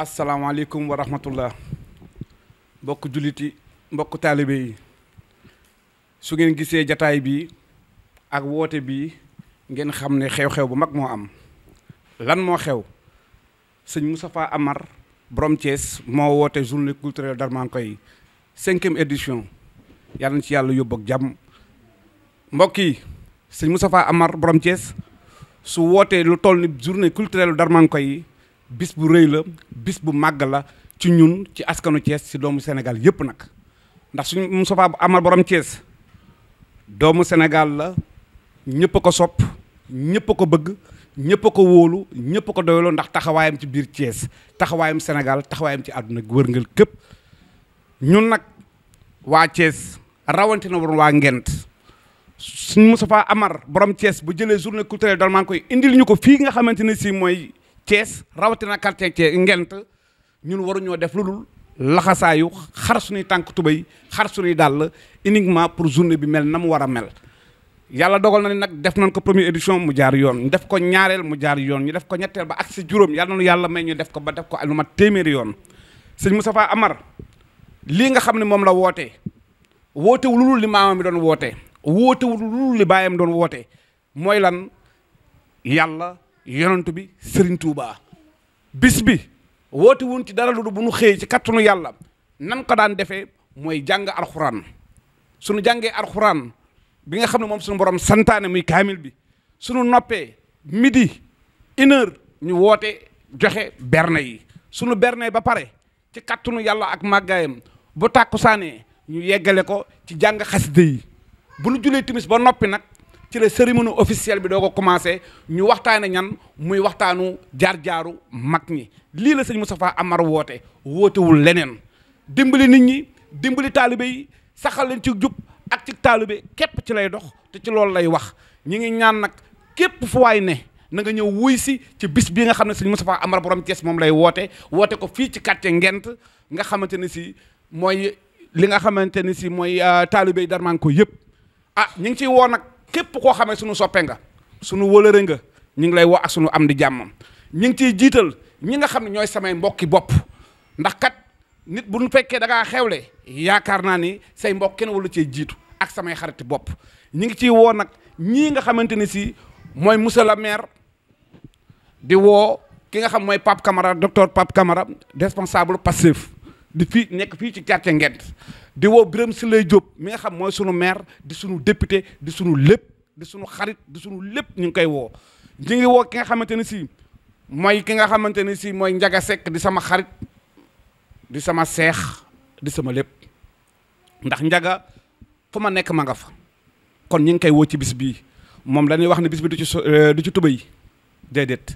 asalaamaaleykum wa rahmatullah mbokk jullit yi mbokk taalibe yi su ngeen gisee jataay bi ak woote bi ngeen xam ne xew-xew bu mag moo am lan moo xew sëñ Moustapha Amar borom Thiès moo woote journée culturelle Darmankoy cinquième édition yàlla na ci yàlla yóbbu ak jàmm mbokk yi sëñ Moustapha Amar borom Thiès su wootee lu toll ni journée culturelle Darmankoy bis bu rëy la bis bu màgg la ci ñun ci askanu Thiès si doomu senegal yëpp nag ndax su suñu Moustapha Amar boroom cees doomu senegal la ñëpp a ko sopp ñëpp a ko bëgg ñëpp a ko wóolu ñëpp a ko doyloo ndax taxawaayam ci biir Thiès taxawaayam senegal taxawaayam ci àdduna wërngal képp ñun nag waa cees rawante na waa Ngent suñu Moustapha Amar borom Thiès bu jëlee journée culturelle dal maa indi koy ñu ko fii nga xamante ne si mooy Thiès rawatina quartier Thiès ngent ñun waruñoo def lu dul laxasaayu xar suñuy tànk tubéy xar suñuy dàll uniquement pour journée bi mel na mu war a mel yàlla dogal na ni nag def nañ ko première édition mu jaar yoon ñu def ko ñaareel mu jaar yoon ñu def ko ñetteel ba ak si juróom yàlla na yàlla may ñu def ko ba def ko lu mat téeméeri yoon sëñ Moustapha Amar lii nga xam ne moom la wootee wootewu lu dul li maamam mi doon wootee wootewu lu dul li baayam doon wootee mooy lan yàlla yonent bi Serigne Touba bis bi woote wuñ ci dara lu du bu nu xëyee ci kattanu yàlla nan ko daan defee mooy jàng alxuraan sunu jàngee alxuraan bi nga xam ne moom sunu borom santaane muy kaamil bi sunu noppee midi une ñu woote joxe berna yi sunu yi ba pare ci kattanu yàlla ak màggaayam bu tàkkusaanee ñu yeggale ko ci jàng xasida yi bu nu julee timis ba noppi nag. ci la cérémonie officielle bi doo ko commencé ñu waxtaane ñan muy waxtaanu jaar-jaaru mag ñi lii la sëñ Moustapha Amar woote wootewul leneen dimbali nit ñi dimbali taalibe yi saxal leen ci jub ak ci taalibe képp ci lay dox te ci loolu lay wax ñi ngi ñaan nag képp fu waay ne na nga ñëw wuy si ci bis bi nga xam ne sëñ Moustapha Amar borom Thiès moom lay woote woote ko fii ci quartier Ngent nga xamante ne si mooy li nga xamante ne si mooy euh, taalibe yi darmaan yëpp ah ñu ngi ciy woo nag képp koo xamee suñu soppee nga suñu wëlëre nga ñu ngi lay woo ak suñu am di jàmmam ñu ngi ciy jiital ñi nga xam ne ñooy samay mbokki bopp ndax kat nit bu ñu fekkee da ngaa xewle yaakaar naa ni say mbokk kenn wala cee jiitu ak samay xariti bopp ñi ngi ciy woo nag ñii nga xamante ni si mooy monsieur le maire di woo ki nga xam mooy Pape Camara docteur Pape Camara responsable Pastef di fii nekk fii ci quartier Nguent di woo Birame Souleye Diop mi nga xam mooy sunu maire di sunu député di sunu lépp di sunu xarit di sunu lépp ñu ngi koy woo ñu woo ki nga xamante ne si mooy ki nga xamante ne si mooy Njaga Sekk di sama xarit di sama seex di sama lépp ndax Njaga fu ma nekk ma nga fa kon ñu ngi koy woo ci bis bii moom lañuy wax ne bis bi du ci so euh, du ci tubay déedéet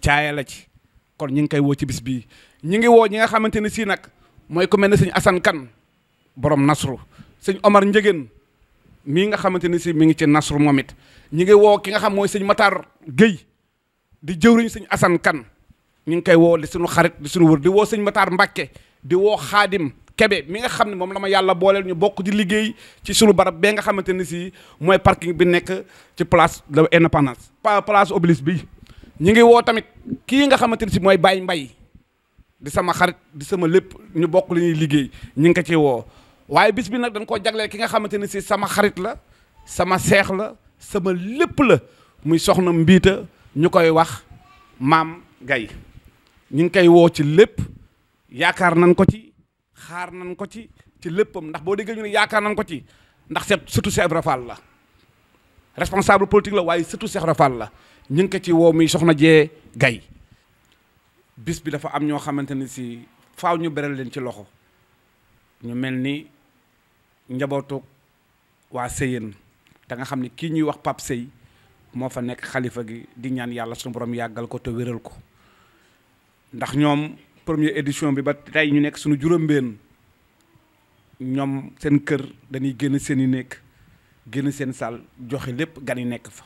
caaya la ci kon ñu ngi koy woo ci bis bii ñu ngi woo ñi nga xamante ne si nag mooy ku mel ne sëñ Assane borom nasru sëñ Omar Njëgéen mii nga xamante ni si mi ngi ci nasru moom ñi ngi woo ki nga xam mooy sëñ Matar Guèye di jëwriñ sëñ Assane ñu ngi koy woo di suñu xarit di di woo sëñ Matar Mbàkke di woo xaadim Kebe mi nga xam ne moom la ma yàlla booleel ñu bokk di liggéey ci suñu barab bee nga xamante ni si mooy parking bi nekk ci place de l'Indépendance place Obélisque bi ñu ngi woo tamit kii nga xamante ni si mooy Baye mbay di sama xarit di sama lépp ñu bokk lañuy liggéey ñu ngi ko ci woo waaye bis bi nag dañ koo jagleel ki nga xamante ne si sama xarit la sama seex la sama lépp la muy soxna mbiita ñu koy wax maam gay ñu ngi koy woo ci lépp yaakaar nañ ko ci xaar nañ ko ci ci léppam ndax boo déggee ñu ne yaakaar nañ ko ci ndax seet surtout Cheikh Ibra la responsable politique la waaye surtout Cheikh Ibra la ñu ngi ko ci woo muy soxna jee gay bis bi dafa am ñoo xamante ni si faaw ñu beral leen ci loxo ñu mel ni njabootu waa Seyeen te nga xam ne kii ñuy wax Pape Sey moo fa nekk xalifa gi di ñaan yàlla suñu borom yàggal ko te wéral ko ndax ñoom premier édition bi ba tey ñu nekk suñu juróom-benn ñoom seen kër dañuy génn seen i nekk génn seen saal joxe lépp gan nekk fa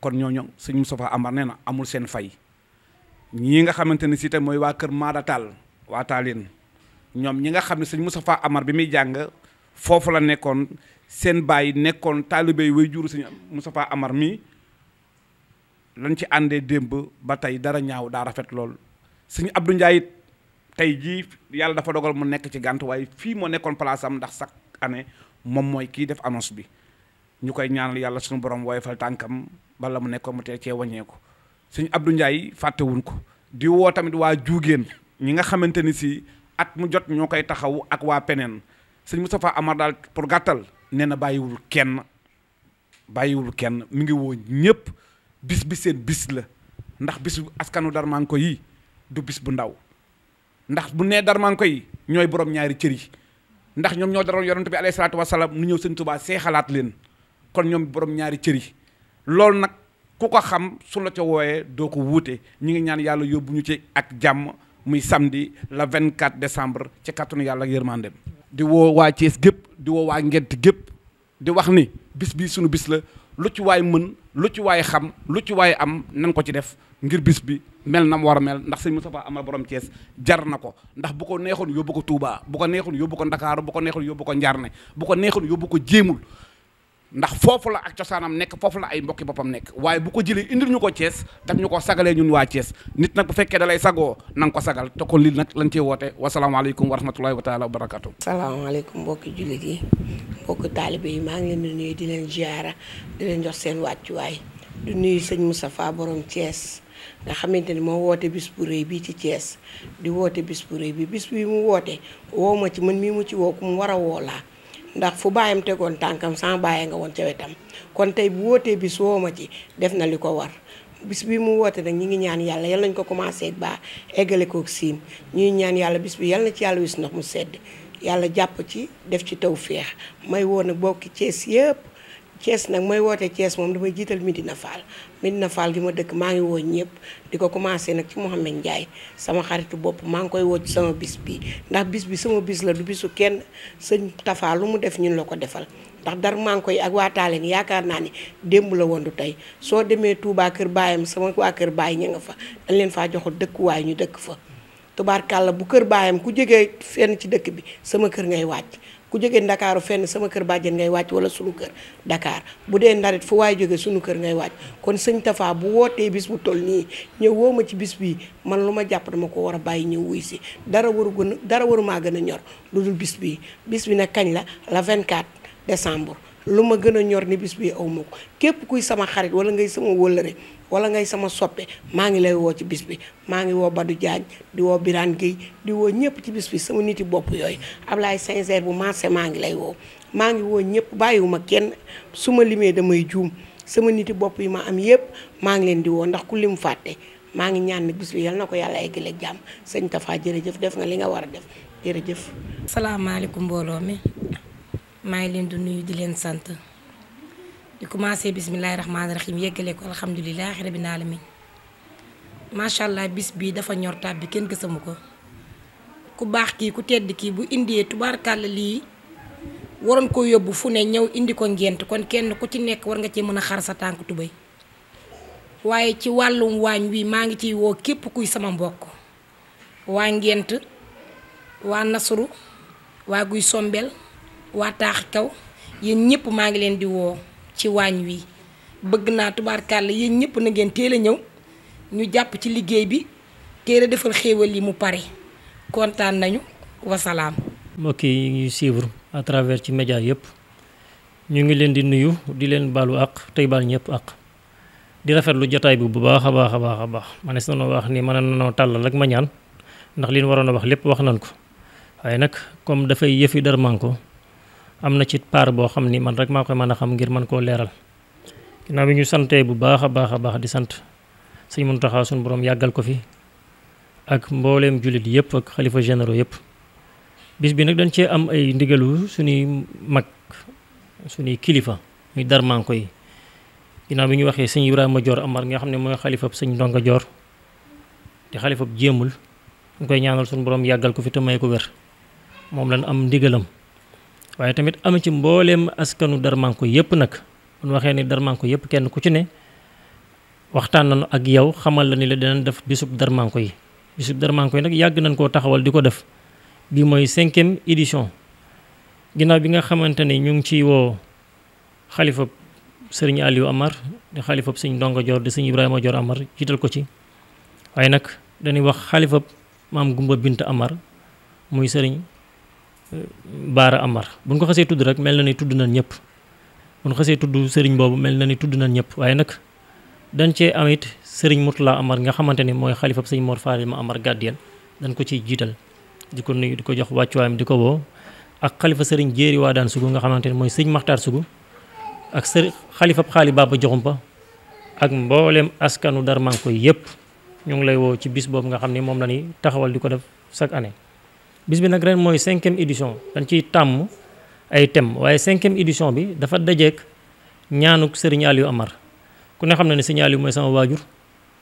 kon ñooñu sëñ Moustapha Amar nee na amul seen fay. ñii nga xamante ne si te mooy waa kër Maada Tall waa Tallinn ñoom ñi nga xam ne suñ Moustapha Amar bi muy jàng foofu la nekkoon seen bàyyi nekkoon taalibe yi way juru sëñ Moustapha Amar mii lañ ci àndee démb ba tey dara ñaaw daa rafet lool sëñ Abdou Ndiaye it tey jii yàlla dafa dogal mu nekk ci gànt waaye fii moo nekkoon place am ndax chaque année moom mooy kii def annonce bi ñu koy ñaanal yàlla suñu borom woyofal tànkam bala mu nekkoon mu tee cee suñ Abdou Ndiaye fàttewuñ ko diwoo tamit waa juugéen ñi nga xamante ni si at mu jot ñoo koy taxaw ak waa peneen sëñ Moustapha Amar daal pour gàttal nee na bàyyiwul kenn bàyyiwul kenn mi ngi woo ñëpp bis bi seen bis la ndax bisu askanu Darmanko yi du bis bu ndaw ndax bu nee Darmanko yi ñooy borom ñaari cër yi ndax ñoom ñoo daroon yonent bi alayhi salaatu wasalaam nu ñëw sëñ Tuubaa see xalaat leen kon ñoom boroom ñaari cër yi loolu nag. ku ko xam su la ca wooyee doo ko wuute ñu ngi ñaan yàlla yóbbu ñu ci ak jàmm muy la le 24 décembre ci kattanu yàlla ak yërmandem di woo waa Thiès gépp di woo waa Ngent gépp di wax ni bis bii sunu bis la lu waay mën lu ci waay xam lu ci waay am nan ko ci def ngir bis bi mel na mu war a mel ndax sëñ Moustapha Amal borom cees jar na ko ndax bu ko neexoon yóbbu ko tuubaa bu ko neexul yóbbu ko Ndakaaru bu ko neexul yóbbu ko Njaarne bu ko neexoon yóbbu ko jéemul ndax foofu la ak cosaanam nekk foofu la ay mbokki boppam nekk waaye bu ko jëlee indil ñu ko Thiès daf ñu ko sagalee ñun waa Thiès nit nag bu fekkee dalay sagoo na ko sagal te kon lii nag lañ cee woote wasalaamaaleykum wa rahmatulahi wa taala wa barakaatu. salaamaaleykum mbokki jullit yi mbokki taalibe yi maa ngi leen di nuyu di leen ziara di leen jox seen wàccuwaay di nuyu sëñ Moustapha borom Thiès nga xamante ni moo woote bis bu rëy bii ci Thiès di woote bis bu rëy bi bis bi mu woote woo ma ci man mii mu ci woo ku mu war a ndax fu baayam tegoon tànkam sans bàyyi nga woon ca wetam kon tey bu wootee bis woo ma ci def na li ko war bis bi mu woote nag ñi ngi ñaan yàlla yal nañ ko commencé baa eggale ko siim ñuy ñaan yàlla bis bi yal na ci yàlla wis ndox mu sedd yàlla jàpp ci def ci taw féex may woon nag bokki Cees yëpp Thiès nag mooy woote Thiès moom damay jiital Medina Fall Medina Fall gi ma dëkk maa ngi woo ñëpp di ko commencé nag ci Mouhamed Ndiaye sama xaritu bopp maa ngi koy woo ci sama bis bi ndax bis bi sama bis la du bisu kenn sëñ Tafa lu mu def ñun la ko defal ndax dar maa ngi koy ak waa Taaleen yaakaar naa ne démb la woon du tey soo demee Touba kër baayam sama waa kër baay ña nga fa dañ leen faa joxul dëkkuwaay ñu dëkk fa tubaar tubaarkàlla bu kër baayam ku jege fenn ci dëkk bi sama kër ngay wàcc ku jógee ndakaaru fenn sama kër bàjjen ngay wàcc wala sunu kër Dakar bu dee ndarit fu waay jóge sunu kër ngay wàcc kon sëñ Tafa bu wootee bis bu toll nii ñëw woo ma ci bis bii man lu ma jàpp dama ko war a bàyyi ñëw wuy si dara waru gën dara waru maa gën a ñor lu dul bis bii bis bi nag kañ la la 24 décembre lu ma gën a ñor ni bis bii aw ma ko képp kuy sama xarit wala ngay sama wëllëre wala ngay sama soppe maa ngi lay woo ci bis bi maa ngi woo Badou Diagne di woo biraan Gueye di woo ñëpp ci bis bi sama niti bopp yooyu Ablaye Sincère bu marché maa ngi lay woo maa ngi woo ñëpp bàyyiwuma kenn su ma limee damay juum sama niti bopp yi ma am yëpp maa ngi leen di woo ndax ku lim fàtte maa ngi ñaan nag bis bi yal na ko yàlla ay eggale jàmm sëñ Tafa jërëjëf def nga li nga war a def jërëjëf. salaamaaleykum mbooloo mi maa ngi leen di nuyu di leen sant. di commencé bisimilahi rahmaani rahim yeggale ko alhamdulilahi rabbil alamin macha allah bis bii dafa ñor taab bi kenn gësamu ko ku baax kii ku tedd kii bu indee tubaarkàll lii waroon ko yóbbu fu ne ñëw indi ko ngent kon kenn ku ci nekk war nga cee mën a xar sa tànk tubéy waaye ci wàllum waañ wi maa ngi ciy woo képp kuy sama mbokk waa ngent waa nasru waa guy sombel waa taax kaw yéen ñëpp maa ngi leen di woo ci waañ wi bëgg naa tubaarkàlla yéen ñëpp na ngeen teel a ñëw ñu jàpp ci liggéey bi teel defal xéewal yi mu pare kontaan nañu wasalaam. mbokk yi ñuy suivre à ci média yëpp ñu ngi leen di nuyu di leen baalu àq tey baal ñëpp àq di rafetlu jotaay bi bu baax a baax a baax a baax ma ne sonoo wax ni mën nañoo tàllal rek ma ñaan ndax li waroon a wax lépp wax nañ ko waaye nag comme dafay yëfi dara am na ci part boo xam ni man rek maa koy mën a xam ngir man koo leeral ginnaaw bi ñu santee bu baax a baax a baax di sant sëñ Muntaxa suñu borom yàggal ko fi ak mbooleem jullit yëpp ak xalifa généraux yëpp bis bi nag dañ cee am ay ndigalu suñuy mag suñuy kilifa muy darmanko yi ginnaaw bi ñu waxee sëñ Ibrahima Dior Amar nga xam ne mooy xalifab sëñ Ndonga Dior di xalifab jéemul ñu koy ñaanal suñu borom yàggal ko fi te may ko wér moom lañ am ndigalam waaye tamit am ci mbooleem askanu Darmanko yëpp nag bu waxee ni Darmanko yëpp kenn ku ci ne waxtaan nañu ak yow xamal la ni la dinañ def bisub Darmanko yi bisub Darmanko yi nag yàgg nañ koo taxawal di ko def bi mooy cinquième édition ginnaaw bi nga xamante ne ñu ngi ciy woo xalifab sëriñ Aliou Amar di xalifab sëñ Ndongo Joor di sëñ Ibrahima Joor Amar jiital ko ci waaye nag dañuy wax xalifab maam Gumba Bint Amar muy sëriñ Baara Amar bu ñu ko xasee tudd rek mel na ni tudd nañ ñëpp bu ñu xasee tudd sëriñ boobu mel na ni tudd nañ ñëpp waaye nag dañ cee am it sëriñ Mourtala Amar nga xamante ni mooy xalifab sëñ Mor Fadilma Amar Gàddeen dañ ko ciy jiital di ko nuyu di ko jox wàccuwaayam di ko woo ak xalifa sëriñ Jéeri Waadaan Sugu nga xamante ni mooy sëñ Maxtaar Sugu ak sëriñ xalifab xaali Baba Joxumpa ak mbooleem askanu Darmanko yëpp ñu ngi lay woo ci bis boobu nga xam ne moom la ñuy taxawal di ko def chaque année. bis bi nag ren mooy cinquième édition dañ ciy tàmm ay thèmes waaye cinquième édition bi dafa dajeek ñaanuk sëriñ Aliou Amar ku ne xam na ne sëriñ Aliou mooy sama waajur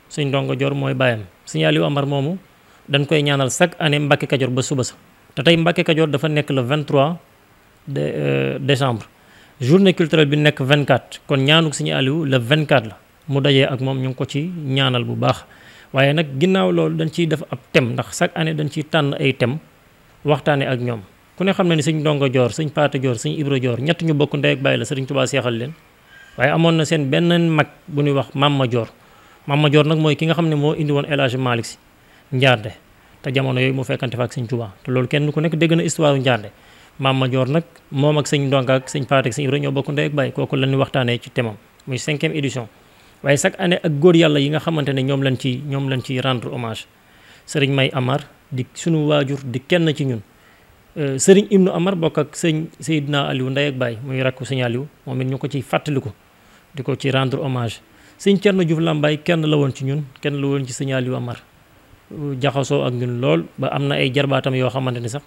sëriñ Ndongo Dior mooy baayam sëriñ Aliou Amar moomu dañ koy ñaanal chaque année Mbacke Kajoor ba suba sa te tey Mbacke Kajoor dafa nekk le 23 de euh, décembre journée culturelle bi nekk 24 kon ñaanuk sëriñ Aliou le 24 la mu dajee ak moom ñu ngi ko ci ñaanal bu baax waaye nag ginnaaw loolu dañ ciy def ab thème ndax chaque année dañ ciy tànn ay thèmes waxtaane ak ñoom ku ne xam ne ni sëñ Ndongo Joor sëñ Paata Joor sëñ Ibra Joor ñett ñu bokk ndey ak bàyyi la sëriñ Tuubaa seexal leen waaye amoon na seen benn mag bu ñuy wax Mamma Joor Mamma Joor nag mooy ki nga xam ne moo indi woon El Hadj Malick si Njaarde te jamono yooyu mu fekkante fa ak sëñ Tuubaa te loolu kenn ku nekk dégg na histoire u Njaarde Mamma Joor nag moom ak sëñ Ndongo ak sëñ Paata ak sëñ Ibra ñoo bokk ndey ak bàyyi kooku la ñu waxtaanee ci temam muy cinquième édition waaye chaque année ak góor yàlla yi nga xamante ne ñoom lañ ci ñoom lañ ci rendre hommage sëriñ May Amar di sunu waajur di kenn ci ñun euh, sëriñ ibnu amar bokk ak sëñ naa Aliou ndey ak baay muy rakku sëñ Aliou moom it ñu ko ciy fàttaliku di ko ci rendre hommage sëñ Thierno Diouf Lambaye kenn la woon ci ñun kenn la woon ci sëñ Aliou Amar euh, jaxasoo ak ñun lool ba am na ay jarbaatam yoo xamante ni sax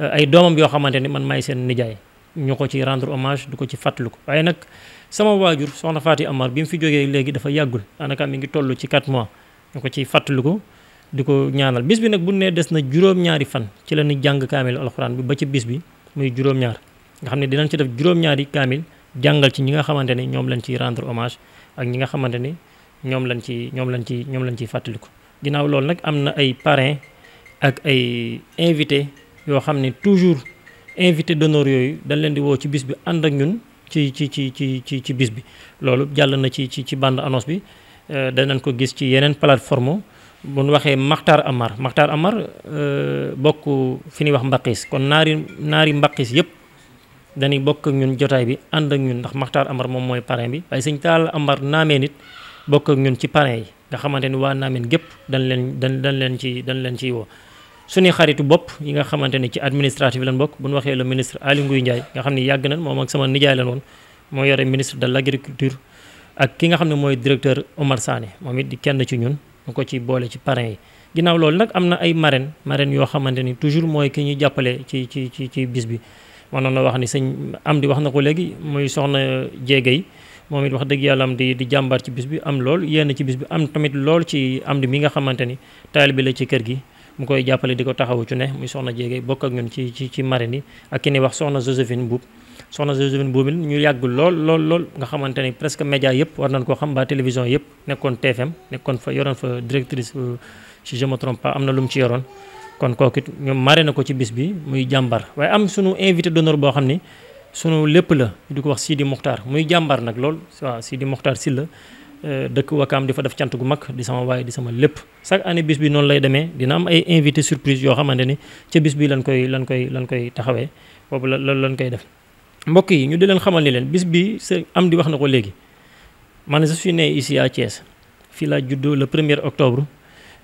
euh, ay doomam yoo xamante ni man maay seen nijaay ñu ko ci rendre hommage du ko ci fàttaliku waaye nag sama waajur soxna Faati Amar bi mu fi jógee léegi dafa yàggul daanaka mi ngi toll ci 4 mois ko ciy fàttaliku di ko ñaanal bis bi nag bu ne des na juróom-ñaari fan ci la ñu jàng kaamil alxuraan bi ba ci bis bi muy juróom-ñaar nga xam ne dinañ ci def juróom-ñaari kaamil jàngal ci ñi nga xamante ne ñoom lañ ciy rendre hommage ak ñi nga xamante ni ñoom lañ ci ñoom lañ ci ñoom lañ ciy fàttaliku. ginnaaw loolu nag am na ay parrain ak ay invité yoo xam ne toujours invité d'honneur yooyu dañ leen di woo ci bis bi ànd ak ñun ci ci ci ci ci ci bis bi loolu jàll na ci ci ci bande annonce bi euh, danañ ko gis ci yeneen plateforme bu ñu waxee maxtar Amar Maxtaar Amar euh, bokk fi ñuy wax mbaqis kon naari naari mbaqis yëpp dañuy bokk ak ñun jotaay bi ànd ak ñun ndax Maxtaar Amar moom mooy parrain bi waaye sëñ Tall Amar naamee nit bokk ak ñun ci parrain yi nga xamante ni waa naameen gépp dañ leen dañ dañ leen ci dañ leen ciy woo suñu xaritu bopp yi nga xamante ni ci administratif lañ bokk bu ñu waxee le ministre Aly Ngouille Ndiaye nga xam ni yàgg na moom ak sama nijaay lan woon moo yore ministre de l' agriculture ak ki nga xam ne mooy directeur Omar Sané moom it di kenn ci ñun ñu ko ci boole ci parrain yi ginnaaw loolu nag am na ay marraine marraine yoo xamante ni toujours mooy ki ñuy jàppale ci ci ci ci bis bi manoon na wax ni sañ am di wax na ko léegi muy soxna jéegay moo it wax dëgg yàlla am di di jàmbaar ci bis bi am lool yenn ci bis bi am tamit lool ci am di mi nga xamante ni bi la ci kër gi mu koy jàppale di ko taxawu ci ne muy soxna jéegay bokk ak ñun ci ci ci marraine yi ak ki ni wax soxna Josephine Mbuub soxna Josephine Boubine ñu yàggul lool lool lool nga xamante ni presque média yëpp war nañ koo xam ba télévision yëpp nekkoon TFM nekkoon fa yoroon fa directrice euh, si je me trompe pas am na lu mu ci yoroon kon kookit it ñoom mare na ko ci bis bi muy jàmbar waaye am sunu invité d'honneur boo xam ni sunu lépp la di ko wax di Mokhtar muy jàmbar nag lool waaw Sidi Mokhtar Sylla euh, dëkk Wakaam di fa def cant gu mag di sama waaye di sama lépp chaque année bis bi noonu lay demee dina am ay invité surprise yoo xamante ni ca bis bi lan koy lan koy lan koy taxawee boobu la lan koy def mbokk yi ñu di leen xamal ni leen bis bi am di wax na ko léegi man je suis né ici à Thiès fii laa juddoo le première er octobre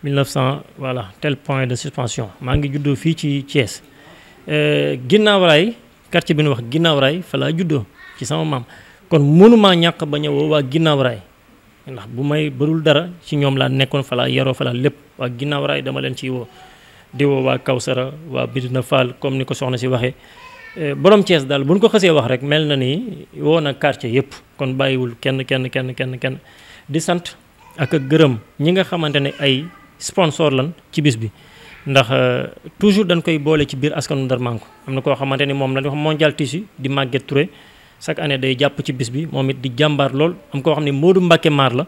1900 voilà tel point de suspension maa ngi juddoo fii ci Thiès euh, ginnaaw raay quartier bi nu wax ginnaaw raay fa laa juddoo ci sama maam kon mënumaa ñàkk ba ñëwoo waa ginnaaw raay ndax bu may barul dara ci ñoom laa nekkoon fa laa yaroo fa laa lépp waa ginnaaw raay dama leen ciy woo di woo waa Kawsara waa na Fall comme ni ko soxna si waxee Eh, borom Thiès daal bu ñu ko xësee wax rek mel na ni woo na quartier yëpp kon bàyyiwul kenn kenn kenn kenn kenn di sant ak gërëm ñi nga xamante ne ay sponsor lan ci bis bi. ndax eh, toujours dan koy boole ci biir askanu Ndarmanko am na koo xamante ni moom lañu ñuy wax mondial tissu di Maguette Touré chaque année day jàpp ci bis bi moom it di jàmbaar lool am koo xam ne Modou Mbacke maar la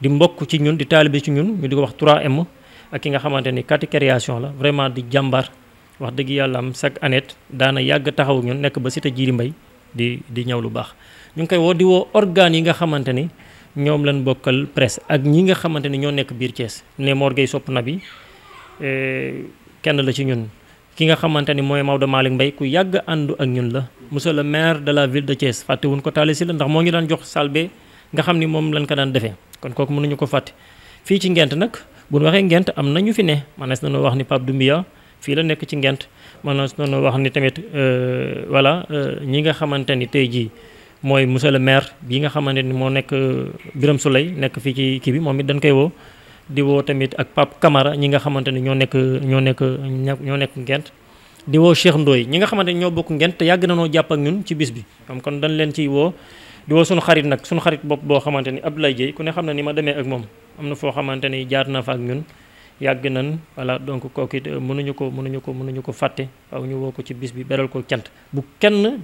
di mbokk ci ñun di taalibe ci ñun ñu di ko wax trois m ak ki nga xamante ni kati création la vraiment di jàmbaar. wax dëgg yàlla am chaque année daana yàgg taxaw ñun nekk ba Cité Djily Mbaye di di ñëw lu baax ñu ngi koy woo di woo organes yi nga xamante ni ñoom lañ bokkal presse ak ñi nga xamante ni ñoo nekk biir cees ne Mor Gueye sopp na bi eh, kenn la ci ñun ki nga xamante ni mooy Maodo Malick Mbaye ku yàgg àndu ak ñun la monsieur le maire de la ville de fàtte fàttewuñ ko taale si la ndax moo ñu daan jox salbe nga xam ni moom lañ ko daan defee kon kooku mënuñu ko fàtte fii ci ngent nag bu ñu waxee ngent am na ñu fi fii la nekk ci ngent man noonu wax ni tamit euh, voilà euh, ñi nga xamante ni tey jii mooy monsieur le maire bi nga xamante ni moo nekk euh, Birame Souley nekk fii ci kii bi moom it dañ koy woo di woo tamit ak Pape Camara ñi nga xamante ni ñoo nekk ñoo nekk ñoo nekk ngent di woo Cheikh Ndoye ñi nga xamante ñoo bokk ngent te yàgg na noo jàpp ak ñun ci bis bi am kon dañ leen ciy woo di woo suñu xarit nag suñu xarit bopp boo xamante ni Abdoulaye Dieye ku ne xam na ni ma demee ak moom am na foo xamante ni jaar na fa ak ñun yàgg nan voilà donc kooku it euh, ñu ko mënuñu ko mënuñu ko fàtte waaw ñu woo ko ci bis bi beral ko cant bu kenn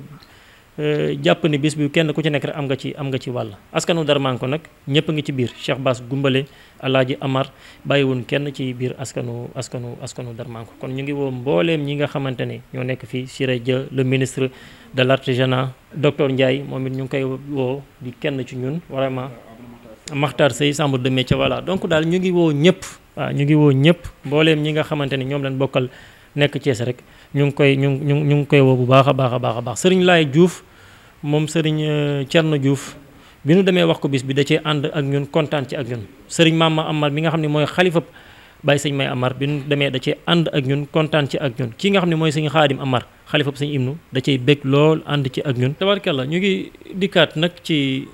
euh, jàpp ni bis bi kenn ku ci nekk am nga ci am nga ci wàll askanu Darmanko nag ñëpp nga ci biir Cheikh Bass Gumbale Alaaji bàyyi bàyyiwun kenn ci biir askanu askanu askanu Darmanko kon ñu ngi woo mbooleem ñi nga xamante ne ñoo nekk fii Siré Dia le ministre de l'artisanat docteur Ndiaye moom it ñu ngi koy woo di kenn ci ñun vraiment Makhtar Seye chambre de métier voilà waaw ñu ngi woo ñëpp mbooleem ñi nga xamante ne ñoom lañ bokkal nekk Thiès rek ñu ngi koy ñu ñu ñu ngi koy woo bu baax a baax a baax a baax sëriñ Laay Diouf moom sëriñ euh, Thierno Diouf bi nu demee wax ko bis bi da cee ànd ak ñun kontaan ci ak ñun sëriñ Mama Amar mi nga xam ne mooy xalifab Baye sëñ May Amar bi nu demee da cee ànd ak ñun kontaan ci ak ñun kii nga xam ne mooy sëñ Xaadim Amar xalifab sëñ Ibnu da cee bég lool ànd ci ak ñun tabarkalla ñu ngi dikkaat nag ci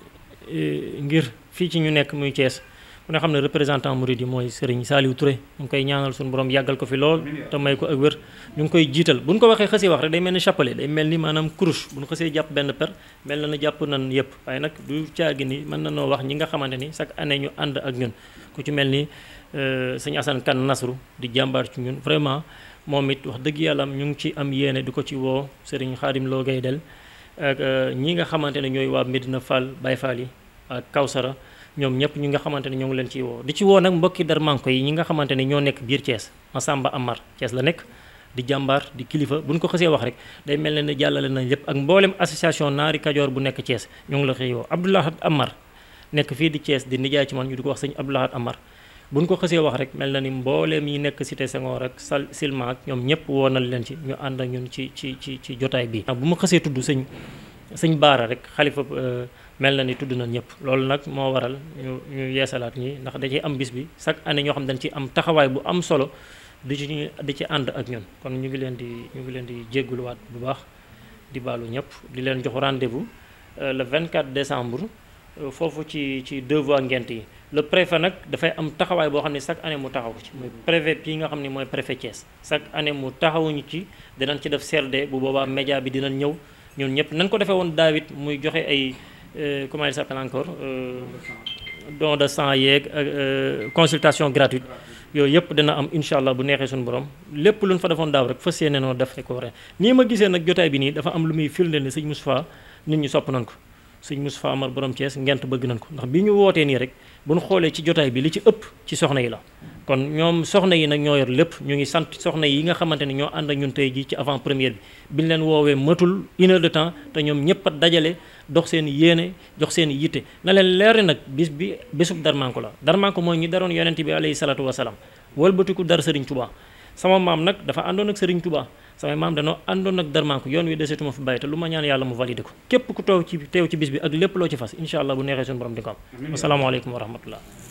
euh, ngir fii ci ñu nekk muy Thiès ku ne xam ne représentant murid yi mooy Serigne Saliou Touré ñu ngi koy ñaanal suñu borom yàggal ko fi lool te may ko ak wér ñu ngi koy jiital bu buñ ko waxee xësee wax rek day mel ni chapelet day mel ni maanaam cruche buñ xësee jàpp benn per mel na na jàpp nan yëpp waaye nag du caagi ni mën na noo wax ñi nga xamante ni chaque année ñu ànd ak ñun ku ci mel ni euh, sëñ Assane Kane Nasru di jàmbaar ci ñun vraiment moom it wax dëgg yàlla ñu ngi ci am yéene di ko ci woo Serigne Khadim Lo Gaydel ak euh, ñi nga xamante ne ñooy waa Medina Fall Baye Fall yi ak Kawsara ñoom ñëpp ñu nga xamante ne ñoo ngi leen ciy woo di ci woo nag mbokki Darmanko yi ñi nga xamante ne ñoo nekk biir Thiès Massamba Amar Thiès la nekk di jàmbar di kilifa buñ ko xësee wax rek day mel ne ne jàllale nañ lépp ak mboolem association naari kajoor bu nekk Thiès ñoo ngi la xëy woo Abdoulahad Amar nekk fii di Thiès di nijaay ci man ñu di ko wax sëñ Abdoulahad Amar buñ ko xësee wax rek mel na ni mbooleem yi nekk cité Senghor ak sal silma ak ñoom ñëpp woonal leen ci ñu ànd ak ñun ci ci ci ci jotaay bi bu ma xësee tudd sañ sañ Baara rek xalifa euh, mel na ni tudd na ñëpp loolu nag moo waral ñu ñu yeesalaat ñi ndax da ciy am bis bi chaque année ñoo xam dañ ci am taxawaay bu am solo di ci di ci ànd ak ñun kon ñu ngi leen di ñu ngi leen di jégguluwaat bu baax di baalu ñëpp di leen jox rendez-vous euh, le 24 décembre euh, foofu ci ci deux voies ngent yi le préfet nag dafay am taxawaay boo xam ne chaque année mu taxaw ci mooy préfet yi xam ne mooy préfet Thiès chaque année mu taxawuñu ci dinañ ci def CRD bu boobaa média bi dinañ ñëw ñun ñëpp nañ ko defee woon daawit muy joxe ay Euh, comment il s'appelle encore euh, don de sang yeeg euh, consultation gratuite yooyu yëpp dina am incha allah bu neexee suñu borom lépp lu luñ fa defoon daaw rek fas ne noo def rek ko waree nii ma gisee nag jotaay bi nii dafa am lu muy firndeel ni suñ Moustapha nit ñi sopp nañ ko sëñ Moustapha Amar borom cees ngent bëgg nañ ko ndax bi ñu wootee nii rek bu ñu xoolee ci jotaay bi li ci ëpp ci soxna yi la kon ñoom soxna yi nag ñoo yor lépp ñu ngi sant soxna yi nga xamante ne ñoo ànd ak ñun tey jii ci avant première bi biñ leen woowee matul une heure de temps te ñoom ñëpp dajale dox seen yéene jox seen yitte na leen leer nag bis bi bésub Darmanko la Darmanko mooy ñi daroon yonent bi alayhi salaatu wasalaam wëlbatiku dar Serigne Touba sama maam nag dafa àndoon ak Serigne Touba samay maam danoo àndoon ak Darmanko yoon wi deseetuma fi bàyyi te lu ma ñaan yàlla loo ci fas incha allah bu neexee suñu borom